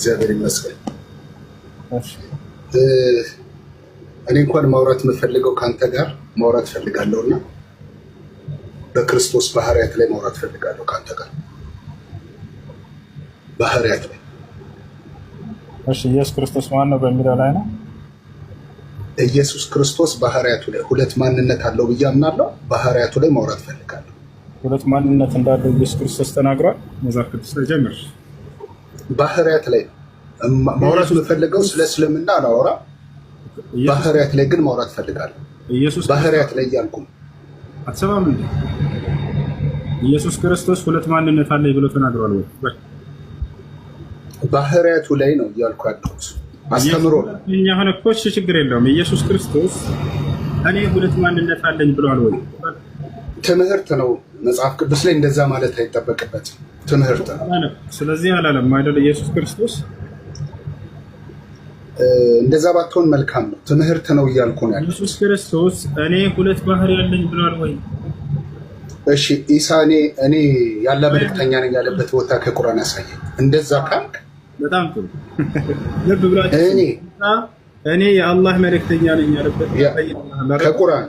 እግዚአብሔር ይመስገን። እኔ እንኳን ማውራት የምፈልገው ከአንተ ጋር ማውራት ፈልጋለሁ እና በክርስቶስ ባህሪያት ላይ ማውራት ፈልጋለሁ ከአንተ ጋር ባህርያት ላይ እሺ ኢየሱስ ክርስቶስ ማን ነው በሚለው ላይ ነው። ኢየሱስ ክርስቶስ ባህሪያቱ ላይ ሁለት ማንነት አለው ብዬ አምናለሁ። ባህሪያቱ ላይ ማውራት ፈልጋለሁ። ሁለት ማንነት እንዳለው ኢየሱስ ክርስቶስ ተናግሯል። መጽሐፍ ቅዱስ ላይ ጀምር። ባህሪያት ላይ ማውራት የምፈልገው ስለ እስልምና አላወራ፣ ባህሪያት ላይ ግን ማውራት እፈልጋለሁ። ባህሪያት ላይ እያልኩም አትሰማም እንዴ? ኢየሱስ ክርስቶስ ሁለት ማንነት አለኝ ብሎ ተናግሯል ወይ? ባህሪያቱ ላይ ነው እያልኩ ያለሁት አስተምሮ እኛ ሆነ እኮ እሺ፣ ችግር የለውም። ኢየሱስ ክርስቶስ እኔ ሁለት ማንነት አለኝ ብሏል ወይ? ትምህርት ነው መጽሐፍ ቅዱስ ላይ እንደዛ ማለት አይጠበቅበትም። ትምህርት ስለዚህ አላለም አይደል? ኢየሱስ ክርስቶስ እንደዛ ባትሆን መልካም ነው። ትምህርት ነው እያልኩ ነው። ኢየሱስ ክርስቶስ እኔ ሁለት ባህር ያለኝ ብሏል ወይ? እሺ ኢሳ እኔ እኔ ያለ መልክተኛ ነኝ ያለበት ቦታ ከቁራን ያሳየኝ። እንደዛ ካልክ በጣም ጥሩ። ልብ ብላ እኔ እኔ የአላህ መልክተኛ ነኝ ያለበት ከቁራን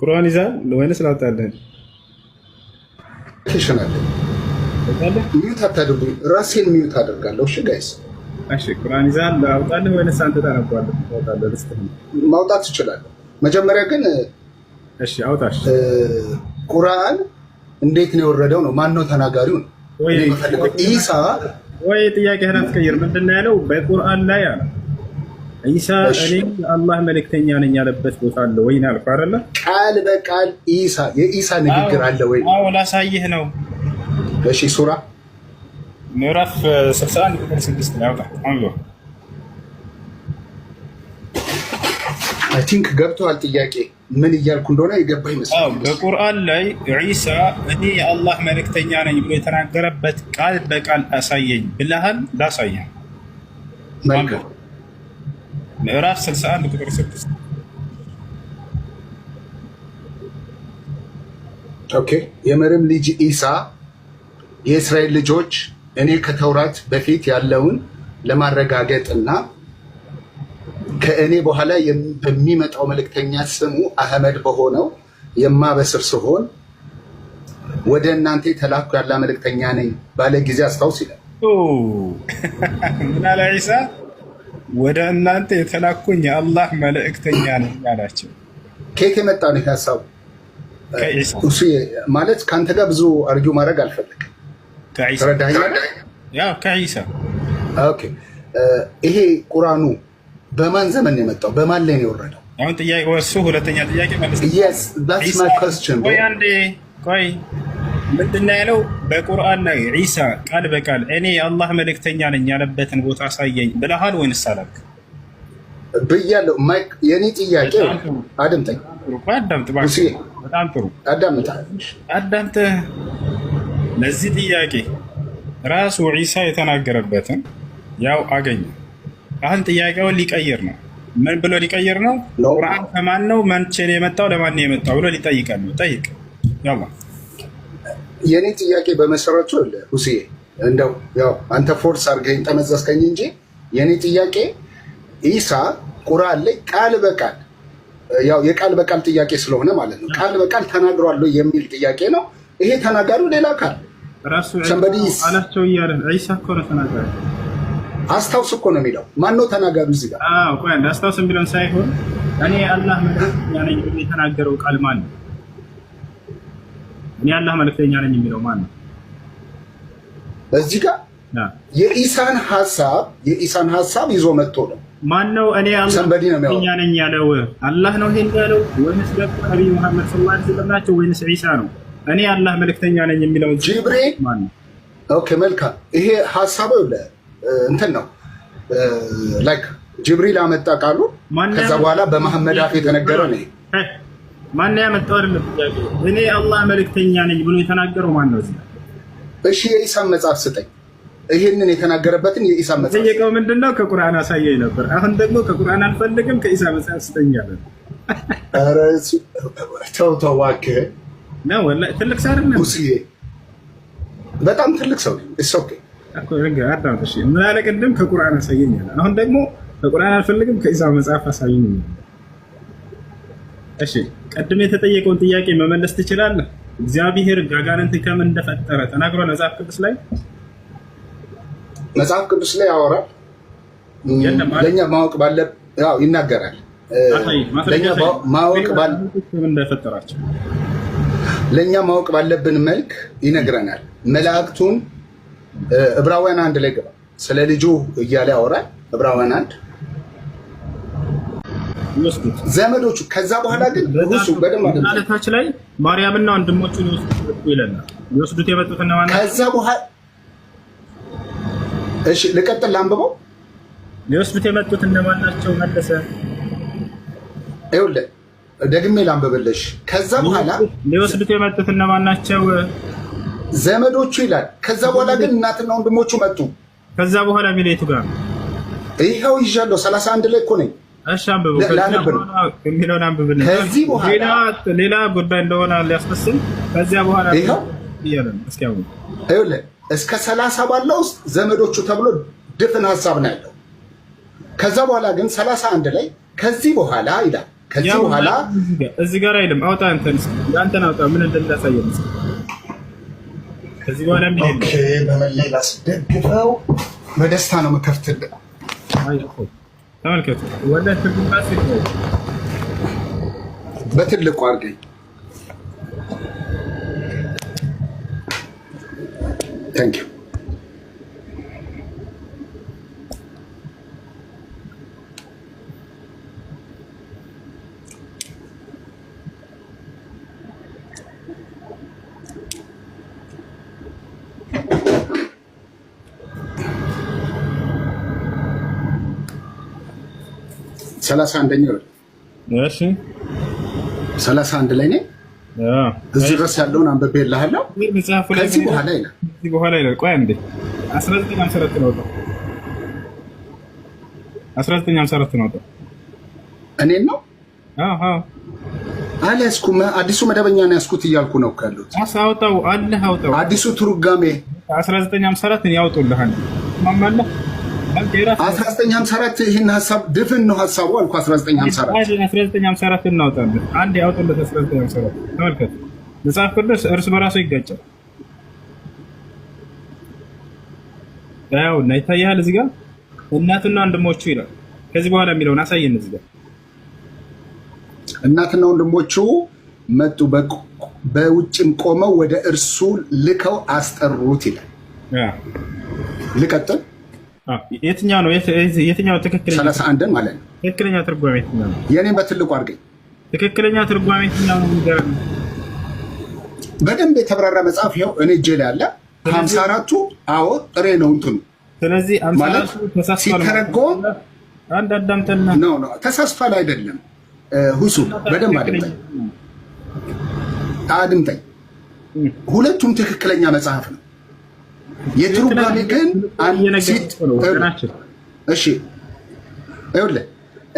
ቁርአን ይዛል ወይንስ ላምጣልህ? ሽናለ ሚዩት አታደርጉኝ። ራሴን ሚዩት አደርጋለሁ። እሺ ጋይስ፣ እሺ ቁርአን ይዛል ላውጣልህ ወይንስ አንተ ታነባለህ? ማውጣት ትችላለህ። መጀመሪያ ግን እሺ፣ አውጣሽ። ቁርአን እንዴት ነው የወረደው ነው? ማን ነው ተናጋሪው? ነው ወይ ኢሳ ወይ? ጥያቄህን አትቀይር። ምንድን ነው ያለው በቁርአን ላይ አለ ኢሳ እኔ አላህ መልእክተኛ ነኝ ያለበት ቦታ አለ ወይ? አልኩህ አይደለ? ቃል በቃል ኢሳ የኢሳ ንግግር አለ ወይ? አዎ ላሳይህ ነው። እሺ ሱራ ምዕራፍ 61 ቁጥር 6 ላይ አውጣ። አይ ቲንክ ገብቶሃል። ጥያቄ ምን እያልኩ እንደሆነ የገባ ይመስላል። በቁርአን ላይ ኢሳ እኔ የአላህ መልእክተኛ ነኝ ብሎ የተናገረበት ቃል በቃል አሳየኝ ብለሃል። ላሳየህ መልካም ምዕራፍ 61 ቁጥር 6 ኦኬ የመርም ልጅ ኢሳ የእስራኤል ልጆች እኔ ከተውራት በፊት ያለውን ለማረጋገጥ እና ከእኔ በኋላ በሚመጣው መልእክተኛ ስሙ አህመድ በሆነው የማበስር ሲሆን ወደ እናንተ የተላኩ ያለ መልእክተኛ ነኝ ባለ ጊዜ አስታውስ ይላል ምን አለ ኢሳ ወደ እናንተ የተላኩኝ የአላህ መልእክተኛ ነኝ አላቸው። ከየት የመጣ ነው ሀሳቡ? እሱ ማለት ከአንተ ጋር ብዙ አርጊ ማድረግ አልፈለግም። ከዒሳ ይሄ ቁራኑ በማን ዘመን የመጣው በማን ላይ ነው የወረደው? አሁን ጥያቄ ወሱ ሁለተኛ ጥያቄ መልስ ምንድና ያለው በቁርአን ላይ ዒሳ ቃል በቃል እኔ የአላህ መልእክተኛ ነኝ ያለበትን ቦታ አሳየኝ ብለሃል ወይንስ አላልክ? ብያለሁ። ማይክ የኔ ጥያቄ አድምጠኝ፣ አዳምጠህ ለዚህ ጥያቄ ራሱ ዒሳ የተናገረበትን ያው አገኘ። አሁን ጥያቄውን ሊቀይር ነው። ምን ብሎ ሊቀይር ነው? ቁርአን ከማን ነው? መቼ የመጣው? ለማን የመጣው ብሎ ሊጠይቀን ነው። ጠይቅ ያላ የእኔ ጥያቄ በመሰረቱ ሁሴ እንደው ያው አንተ ፎርስ አድርገኝ ጠመዘዝከኝ እንጂ የእኔ ጥያቄ ኢሳ ቁርአን ላይ ቃል በቃል ያው የቃል በቃል ጥያቄ ስለሆነ ማለት ነው ቃል በቃል ተናግሯል የሚል ጥያቄ ነው። ይሄ ተናጋሪው ሌላ አካል ራሱአላቸው እያለ ኢሳ እኮ ነው ተናጋሪ። አስታውስ እኮ ነው የሚለው ማን ነው ተናጋሪው? እዚህ ጋር አስታውስ የሚለውን ሳይሆን እኔ አላህ መድኃኒያ ነኝ የተናገረው ቃል ማን ነው? እኔ አላህ መልእክተኛ ነኝ የሚለው ማን ነው? እዚህ ጋር የኢሳን ሀሳብ የኢሳን ሀሳብ ይዞ መጥቶ ነው። ማን ነው እኔ መልእክተኛ ነኝ ያለው? አላህ ነው ይሄን ያለው ወይንስ ደግሞ ነቢይ መሐመድ ሰለላሁ ዐለይሂ ወሰለም ናቸው ወይንስ ኢሳ ነው? እኔ አላህ መልእክተኛ ነኝ የሚለው ጅብሪል ማን ነው? ኦኬ መልካም። ይሄ ሀሳቡ እንትን ነው ላይክ ጅብሪል አመጣ ቃሉ ከዛ በኋላ በመሐመድ አፍ የተነገረ ነው። ማን ያመጣው አይደለም ጥያቄ። እኔ አላህ መልእክተኛ ነኝ ብሎ የተናገረው ማን ነው? እሺ፣ የኢሳም መጽሐፍ ስጠኝ። ይሄንን የተናገረበትን የኢሳም መጽሐፍ ጠየቀው። ምንድነው? ከቁርአን አሳየኝ ነበር። አሁን ደግሞ ከቁርአን አልፈልግም ከኢሳ መጽሐፍ ስጠኝ አለ። ኧረ ተው ተው እባክህ ነው። ወላሂ ትልቅ ሰው አይደለም ሙስዬ፣ በጣም ትልቅ ሰው እሱ። ኦኬ እኮ ረጋ አዳም። ምን አለ ቅድም? ከቁርአን አሳየኝ አለ። አሁን ደግሞ ከቁርአን አልፈልግም ከኢሳ መጽሐፍ አሳየኝ እሺ ቀድም የተጠየቀውን ጥያቄ መመለስ ትችላለህ? እግዚአብሔር ጋጋንንትን ከምን እንደፈጠረ ተናግሯል መጽሐፍ ቅዱስ ላይ መጽሐፍ ቅዱስ ላይ ያወራል። ለእኛ ማወቅ ባለ ይናገራል። እንደፈጠራቸው ለእኛ ማወቅ ባለብን መልክ ይነግረናል። መላእክቱን ዕብራውያን አንድ ላይ ገባ ስለ ልጁ እያለ ያወራል። ዕብራውያን አንድ ዘመዶቹ። ከዛ በኋላ ግን ሩሱ በደምታች ላይ ማርያምና ወንድሞቹን ይወስዱ ይለናል። ይወስዱት የመጡት እነማን? ከዛ በኋላ እሺ፣ ልቀጥል ላንብበው። ሊወስዱት የመጡት እነማን ናቸው? መለሰ ይኸውልህ፣ ደግሜ ላንብብልሽ። ከዛ በኋላ ሊወስዱት የመጡት እነማን ናቸው? ዘመዶቹ ይላል። ከዛ በኋላ ግን እናትና ወንድሞቹ መጡ። ከዛ በኋላ ሚሌቱ ጋር ይኸው ይዣለሁ፣ 31 ላይ እኮ ነኝ እሺ አንብቡ። የሚለውን አንብብልን። ሌላ ጉዳይ እንደሆነ ሊያስመስል ከዚያ በኋላ እስከ ሰላሳ ባለው ውስጥ ዘመዶቹ ተብሎ ድፍን ሀሳብ ነው ያለው። ከዛ በኋላ ግን ሰላሳ አንድ ላይ ከዚህ በኋላ ይላል። ከዚህ በኋላ እዚህ ጋር አይልም። አውጣ አንተን አንተን አውጣ ምን እንደሚያሳየ ከዚህ በኋላ በመለላስ ደግፈው በደስታ ነው መከፍትልህ ተመልከቱ። ወደ ትርጉም በትልቁ አድርገኝ ታንኪዩ ሰላሳ አንደኛው እሺ፣ ሰላሳ አንድ ላይ ነኝ። እዚህ ድረስ ያለውን አንብቤልሃለሁ። ከዚህ በኋላ ይላል በኋላ ይላል። ቆይ አንዴ አስራ ዘጠኝ ሃምሳ አራት ነው ወጣው። አስራ ዘጠኝ ሃምሳ አራት ነው ወጣው። እኔን ነው አልያዝኩም። አዲሱ መደበኛ ነው ያዝኩት እያልኩ ነው ካሉት አውጣው አለ አውጣው። አዲሱ ትርጓሜ አስራ ዘጠኝ ሃምሳ አራት ያውጡልሃል ማማለህ 1954 ይህን ሀሳብ ድፍን ነው ሀሳቡ አልኩ። 1954 እናውጣለን። አንድ ያውጡለት 1954 ተመልከት። መጽሐፍ ቅዱስ እርስ በራሱ ይጋጫል። ያውና ይታያል። እዚህ ጋር እናትና ወንድሞቹ ይላል። ከዚህ በኋላ የሚለውን አሳየን። እዚህ ጋር እናትና ወንድሞቹ መጡ፣ በውጭም ቆመው ወደ እርሱ ልከው አስጠሩት ይላል። ልቀጥል የትኛው ነው የትኛው ትክክለኛ ሰላሳ አንድን ማለት ነው ትክክለኛ ትርጓሜ የትኛው ነው የኔን በትልቁ አድርገኝ ትክክለኛ ትርጓሜ የትኛው ነው የሚገርም በደንብ የተብራራ መጽሐፍ ይኸው እኔ እጄ ላይ አለ ሀምሳ አራቱ አዎ ጥሬ ነው እንትኑ ስለዚህ ሲተረጎም አንድ አዳምተና ነው ነው ተሳስፋል አይደለም ሁሱ በደንብ አድምጠኝ አድምጠኝ ሁለቱም ትክክለኛ መጽሐፍ ነው የትርጓሜ ግን እሺ፣ ይኸውልህ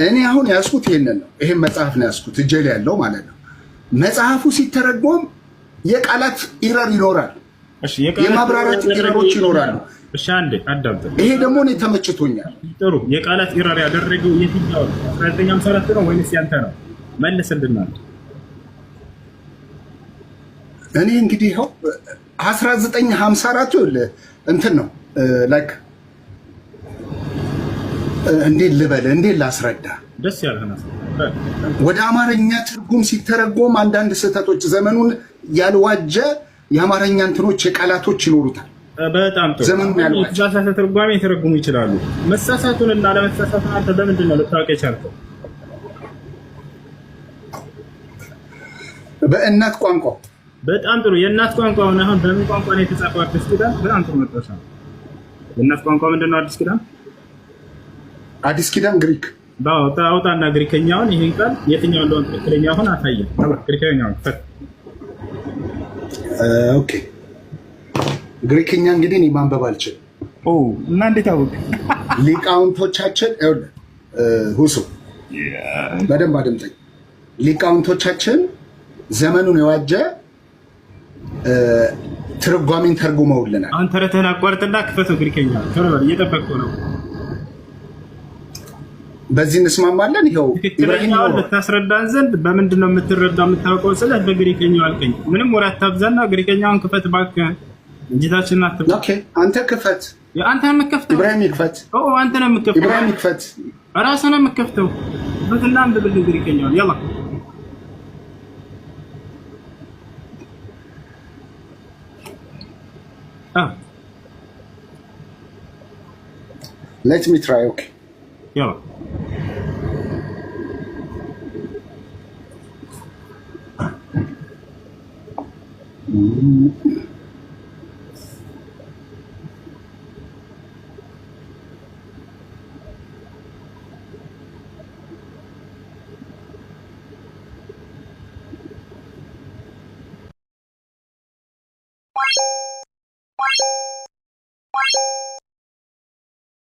እኔ አሁን ያስኩት ይሄንን ነው። ይሄን መጽሐፍ ነው ያዝኩት እጄ ያለው ማለት ነው። መጽሐፉ ሲተረጎም የቃላት ኢረር ይኖራል፣ የማብራራት ኢረሮች ይኖራሉ። ይሄ ደግሞ እኔ ተመችቶኛል። ጥሩ የቃላት ኢረር ያደረገው የትኛው 1954 ነው ወይስ ያንተ ነው? መልስልናል። እኔ እንግዲህ ይኸው 1954 ይኸውልህ እንትን ነው ላይክ እንዴት ልበልህ እንዴት ላስረዳ ደስ ያለህ ወደ አማርኛ ትርጉም ሲተረጎም አንዳንድ ስህተቶች ዘመኑን ያልዋጀ የአማርኛ እንትኖች የቃላቶች ይኖሩታል። በጣም ጥሩ ዘመኑን ያልዋጀ ትርጓሜ የተረጉሙ ይችላሉ። መሳሳቱንና ለመሳሳቱን አንተ በምንድን ነው ልታወቅ የቻልከው? በእናት ቋንቋ በጣም ጥሩ የእናት ቋንቋ ሆነ። አሁን በምን ቋንቋ ነው የተጻፈው አዲስ ኪዳን? በጣም ጥሩ መጥራሻ። የእናት ቋንቋ ምንድን ነው አዲስ ኪዳን? አዲስ ኪዳን ግሪክ አውጣና ግሪከኛውን ይህን ቃል የትኛው እንደሆነ ትክክለኛ አሁን አታየ ግሪከኛውን ኦኬ ግሪክኛ እንግዲህ እኔ ማንበብ አልችልም እና እንዴት አወቅ ሊቃውንቶቻችን ሁሱ በደንብ አድምጠኝ ሊቃውንቶቻችን ዘመኑን የዋጀ ትርጓሜን ተርጉመውልናል። አንተ ተረትህን አቋርጥና ክፈተው። ግሪከኛ እየጠበቁ ነው። በዚህ እንስማማለን። ይኸው ትክክለኛውን ልታስረዳን ዘንድ በምንድን ነው የምትረዳ የምታውቀው? ስለ በግሪከኛው አልቀኝ። ምንም ወሬ አታብዛና ግሪከኛውን ክፈት እባክህ። እንጅታችን አትብ። አንተ ክፈት። አንተ ነው የምትከፍተው። ኢብራሂም ይክፈት። አንተ ነው የምትከፍተው። ኢብራሂም ይክፈት። ራስህ ነው የምትከፍተው። ክፈትና አንብብልህ ግሪከኛውን። ያላ Let me try, okay? Yeah. Mm-hmm.